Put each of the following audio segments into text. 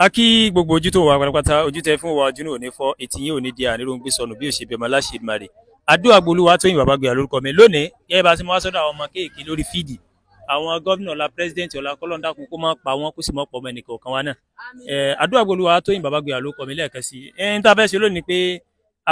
aki kí gbogbo ojú tó wà pátápátá ojú wa ojú náà ò ní fọ etí yín ò ní di àní ròǹgbé sọnù bí òṣèbẹ ọmọ aláṣẹ ìmàrè àdúrà gbolúwa tóyìn bàbá gbé àlórúkọ mi lónìí yẹ bá ti mọ wá sọ́dọ̀ àwọn ọmọ kéèké lórí fídì àwọn gómìnà ọlá pírẹsidẹǹtì ọlá kọlọńdà kún kó má pa wọn kó sì mọ pọ ọmọ ẹnìkan kan wa náà àdúrà gbolúwa tóyìn bàbá gbé àlórúkọ mi lẹ́ẹ̀kan sí i ẹni tá a fẹ́ ṣe lónìí pé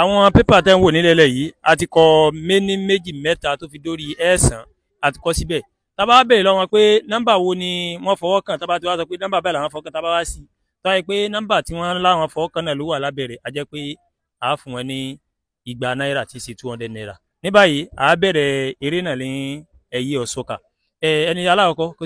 àwọn pépà tẹ́ ń wò nílẹ̀ yìí a kọ méní méjì mẹ́ta tó fi dórí ẹ̀sán a kọ síbẹ̀ tá a bá bẹ̀rẹ̀ lọ́wọ́ pé nọ́mbà wo ni wọ́n fọwọ́ kàn tá a bá ti wá sọ pé nọ́mbà bẹ́ẹ̀ làwọn fọwọ́ tá a bá wá sí i taipé pé tí wọ́n láwọn fọwọ́ kan ló wà a jẹ́ pé a fún wọn ní igba náírà tí í two naira ní báyìí a bẹ̀rẹ̀ eré ní ẹ̀yẹ ọ̀ṣọ́kà ẹni aláwọ̀kọ́ kó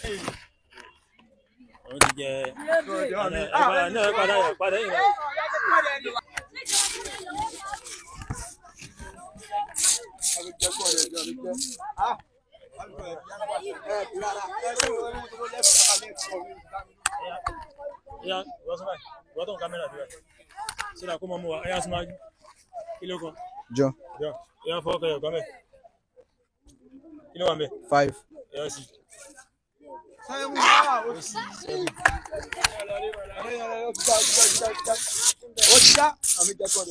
sì òun ti jẹ ọ̀nà náà padà yà padà yìí náà. Ya, ìwọ sọ́ba, ìwọ tó ń kámẹ́rà bí wa. Ṣé ìdàkú mọ́ mu wa? Ẹ yá sọ́ma kí ló kọ? Jọ. Jọ, ìyá fọ́ ọkọ̀ yẹ̀ kọ́ mẹ́. Five. Ẹ ó ti dá àmì jẹ́ kọ́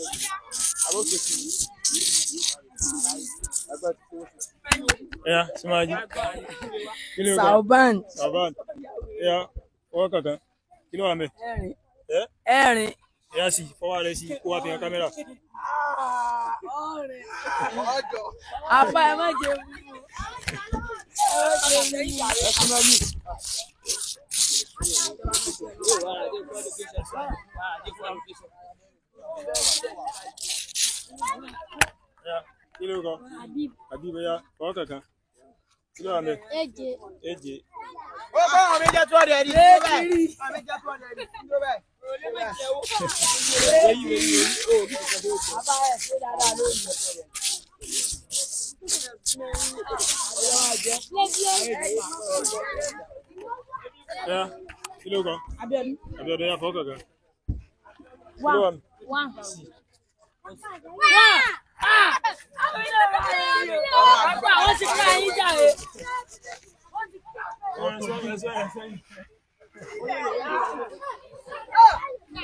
Ya, Simaji. kankan. Kí ló wà mẹ́? Ẹ̀rin. Ẹ̀rin. Ya sì, fọwọ́ rẹ̀ sí kó wá fi hàn kámẹ́rà. Apa ọjọ́ àfa ẹ má jẹ wúwo ẹ kúná mi. kí ló kọ Habib ya ọwọ́ kankan kí ló wà mẹ. eje. ó kọ́ àwọn méjì tó ọ̀rẹ́ rí. eje Yeah,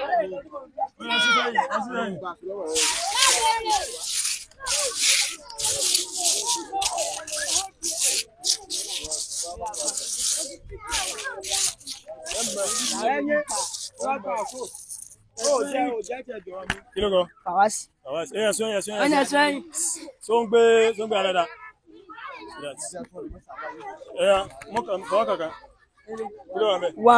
kílógọ. kàwáṣì. kàwáṣì ẹyà sọ ẹyà sọ ẹyà sọ. ẹyà sọ ẹyìn. so ń gbé so ń gbé alẹ́ dá. ẹyà mọ́kà kàwá kàkà. kílógọ mẹ́. wá.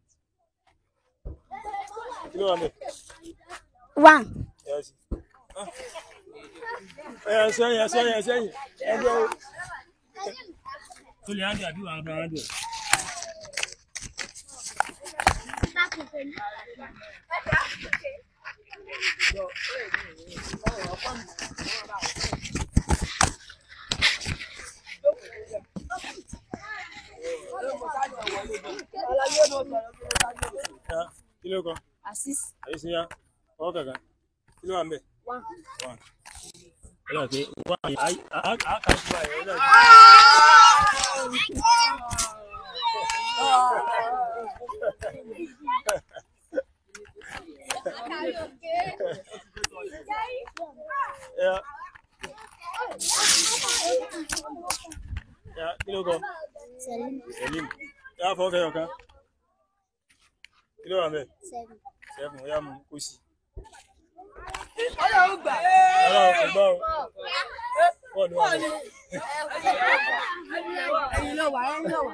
one. ẹ sẹ́yìn ẹ sẹ́yìn ẹ sẹ́yìn Asis. Àyíṣíyá ọwọ́ kankan kí ló wà ń bẹ̀. One. One. Ọlọ́run pé one yẹn á kà sí báyìí ọlọ́run. Yeah. Ya, kí ló kọ? Selim. Selim. Ya fọ́ kẹyọ̀ kan. Kí ló wà ń bẹ̀? Seven ṣẹ́gun ọyá mu kó sí. ọlọ́run gbà. ọlọ́run kò gbọ́ o. bọ́ọ̀lù wà lọ. ẹyin lọ wà ẹyin lọ wà.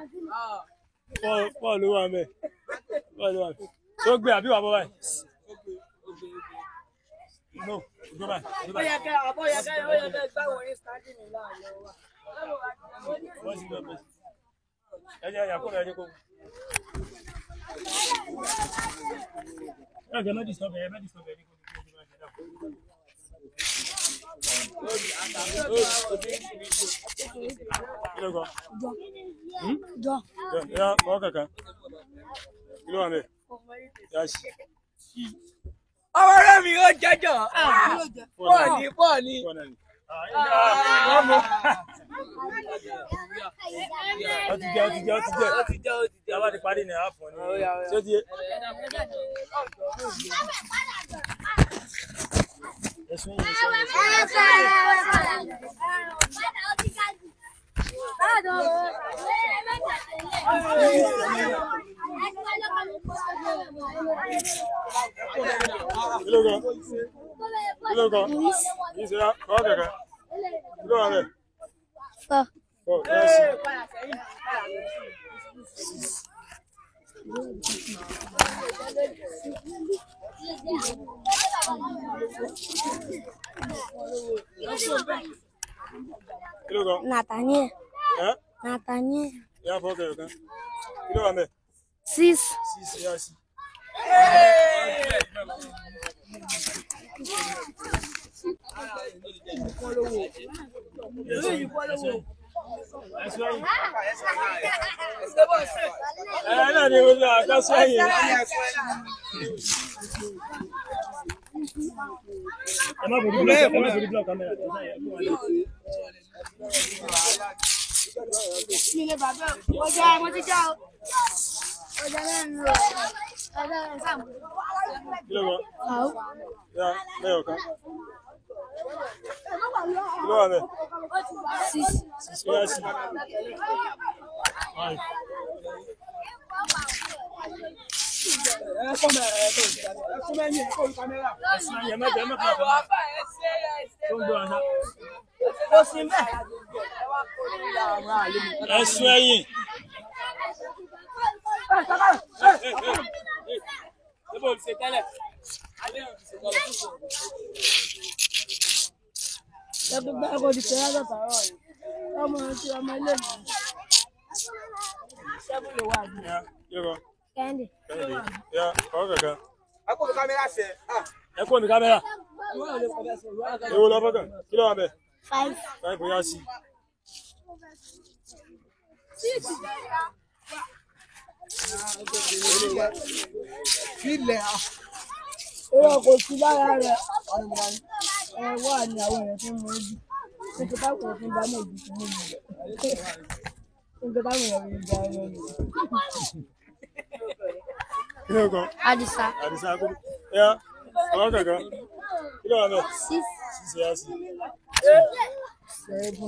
bọ́ọ̀lù wà mẹ́ bọ́ọ̀lù wà mẹ́ tó gbé àbí wà bọ́ báyìí. no gbé báyìí. ó yẹ kẹ́ àbọ̀ yẹ kẹ́ ó yẹ kẹ́ gbáwọ̀ yín sáájú mi láàárọ̀ wa. wọ́n ti lọ bẹ́ẹ̀. ẹ jẹ́ ìyàkó rẹ̀ ẹ jẹ́ kó ẹ jẹ mẹdì sọbẹ ẹ mẹdì sọbẹ ní kò ní kí ẹ ti máa jẹ dà. jọ ya mọ kankan kilo wa mẹ yasi. ọwọ́ rẹ̀ mi yóò jẹ́jọ́ bọ́ọ̀ni ah! bọ́ọ̀ni ó ti jẹ ó ti jẹ ó ti jẹ ó ti jẹ ó ti jẹ tábà ti parí ní àáfọ̀ ni ṣé ti yé. ẹ̀sùn yìí ṣe é. lórúkọ? Ìṣẹ́ra kọ́ kẹ̀kẹ́. Kí ló wà rẹ̀? Fọ́. Fọ́ lẹ́sì. Kí ló kọ? Nathaniel. Ẹ́? Nathaniel. Ìyá fọ́ kẹ̀kẹ́. Kí ló wà rẹ̀? Six. Six, yá sí. Hey! Ẹ náà ni mo lọ àkásọ yìí. Ẹ má bòdú blọọkì, ẹ má bòdú blọọkì kámẹ́rà. Mi ni bàbá, ọjà mo ti já o ọjà lẹ́nu Ebo olùsè tẹ́lẹ̀. Adé olùsè tẹ́lẹ̀. Six ilẹ̀ owó kò sí lára rẹ̀ ẹ wà ní àwọn èèyàn tó ń mọ ojú tó ti bá kò fún bámọ̀ ojú tó ń mọ ojú bámọ̀ èèyàn ń gba ọmọ mi. Kí ló Adisa. Adisa kò ẹ àwọn kankan kí ló wà náà? Six. sí. Seven.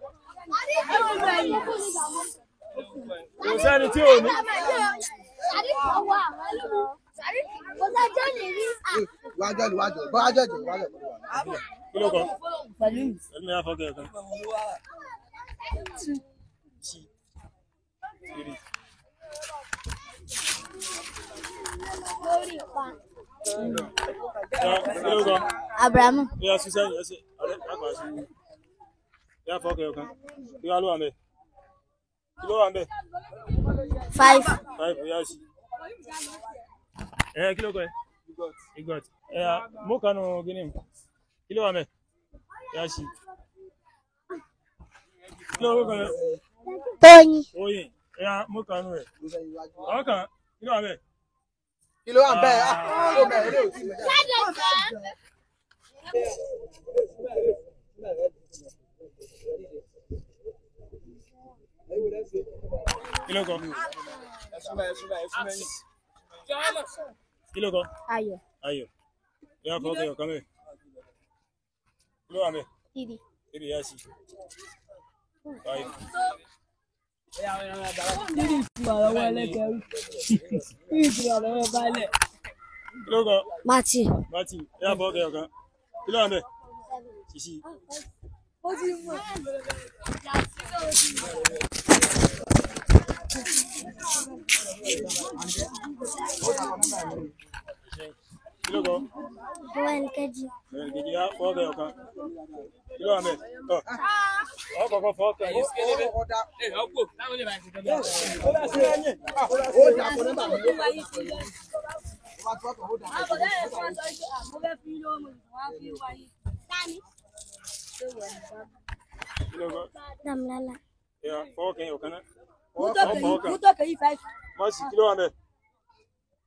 kò sẹ́ni tí ò ní. wájọ́ wájọ́ bọ́ wájọ́ wájọ́ kí ló kọ́ pẹ̀lú ẹni afọ́kẹ́ ẹ̀kan. Abrahamu yà fọ kẹyọ kan kí wàá ló wà ń bẹ kí ló wà five. five yà sí. ẹ kí ló kọ ẹ. igot ẹ mú kanu gíní mu kí ló wà ń bẹ yà sí. kí ló wà ń bẹ. tóyin. tóyin ẹ mú kanu rẹ ọkàn kí ló wà ń bẹ ah. kí ló wà bẹ́ẹ̀ ó kí ló kọ. kí ló kọ. ayọ̀. ayọ̀ yóò fọ́ kẹyọ̀ kan bẹ́ẹ̀ kí ló sí. báyìí. Ìdí ìtura lọ́wọ́ ẹlẹ́kẹ̀rú. Ìdí ìtura lọ́wọ́ balẹ̀. Kí ló kọ? Mati. Mati, ẹ yà bọ́ kẹyọ̀ kan. Kí méjì. bẹ̀rẹ̀ kejì á fọ́ bẹ̀ ọ̀kan kí ló wà mẹ́ tọ́ kẹ́yìn fáìfì. mọ̀ sí kí ló mẹ́.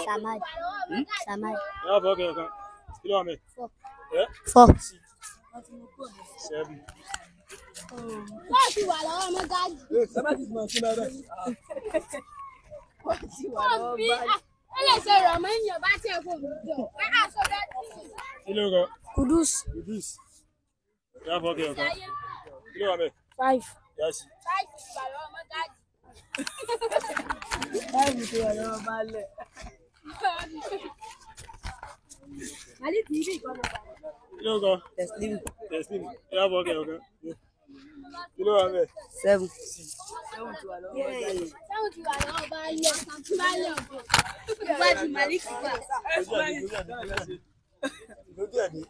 Samad. Hmm? Samad. Yeah, four. Okay, okay. Kilo how many? Four. Yeah? Four. Seven. Wọ́n ti wà lọ́wọ́ ọmọ gáàjì. Samad ti máa ń tún lára. Wọ́n ti wà lọ́wọ́ báyìí. Ó lè ṣe ìrọ̀mọ́ ènìyàn bá tiẹ̀ kò jọ. Ẹ á sọ bẹ́ẹ̀ tí. Kilo kan. Kudus. Kudus. Yeah, four. Okay, okay. Kilo how many? Five. Jọ́sí. Táìsì ti wà lọ́wọ́ mọ́gájì. Táìsì ti wà lọ́wọ́ balẹ̀. Àlí ti ibi ìkọ́nà balẹ̀. Kí ló ń sọ? Tẹ̀sílímù. Tẹ̀sílímù. Ìyá bọ̀ ọkẹ́ ọ̀kan. Kí ló wà bẹ̀? Sẹ́wù. Sẹ́wù ti wà lọ́wọ́ balẹ̀. Sẹ́wù ti wà lọ́wọ́ balẹ̀. Balẹ̀ ọ̀bọ̀. Ìwádìí Màlíkì wà. Ìlú díẹ̀ ni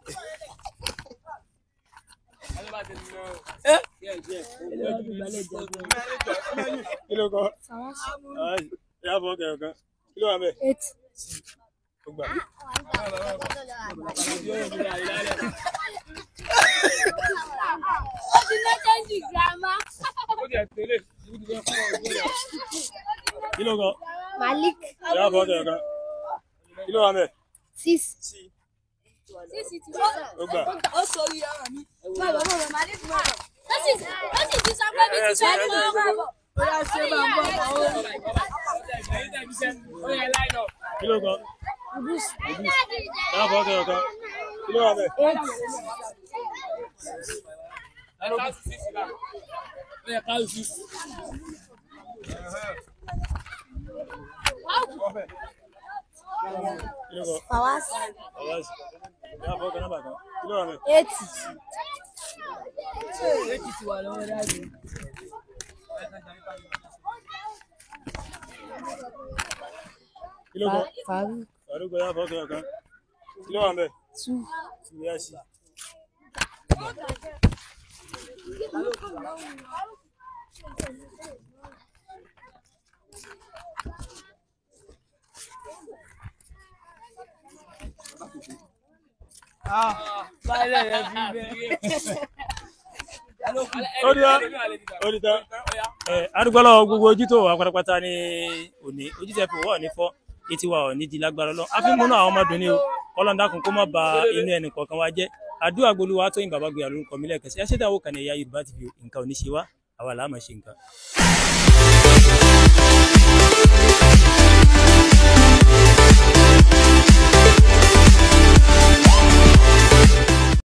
kilo kan ya fọ kẹyọ kan kilo wa bẹ. Gbogbo àgbẹ̀. Ó ti lé ṣẹ́ńjì girama. Ó ti ẹ̀sìn lè. Kilo kan. Malik. Ya fọ kẹyọ kan. Kilo wa bẹ. Six. Six ti sọ. Ó gbà. Ó sọ iye ara mi ó Thank you. Fawaz. Fawaz. Ní àbọ̀ kan náà bàkan. Kí ló rà Thank you. ah lè fi bẹ́ẹ̀. ó di tán ó di tán adúgbòlò gbogbo ojú tó wà pátápátá ní òní ojú tẹ fi wọ́ọ̀ ní fọ́ etí wa ò ní di lágbára lọ àfi àwọn ọmọdún o kọlọ́n dákun kó má ba inú ẹnì kọ̀ọ̀kan wa jẹ́ àdúrà gbolúwa tó yin bàbá gbé àlórúkọ mi lẹ́ẹ̀kẹ́sì ẹ ṣé dáwọ́ kan ẹ̀yà Yorùbá TV nǹkan ò ṣe wá àwa làá máa ṣe nǹkan.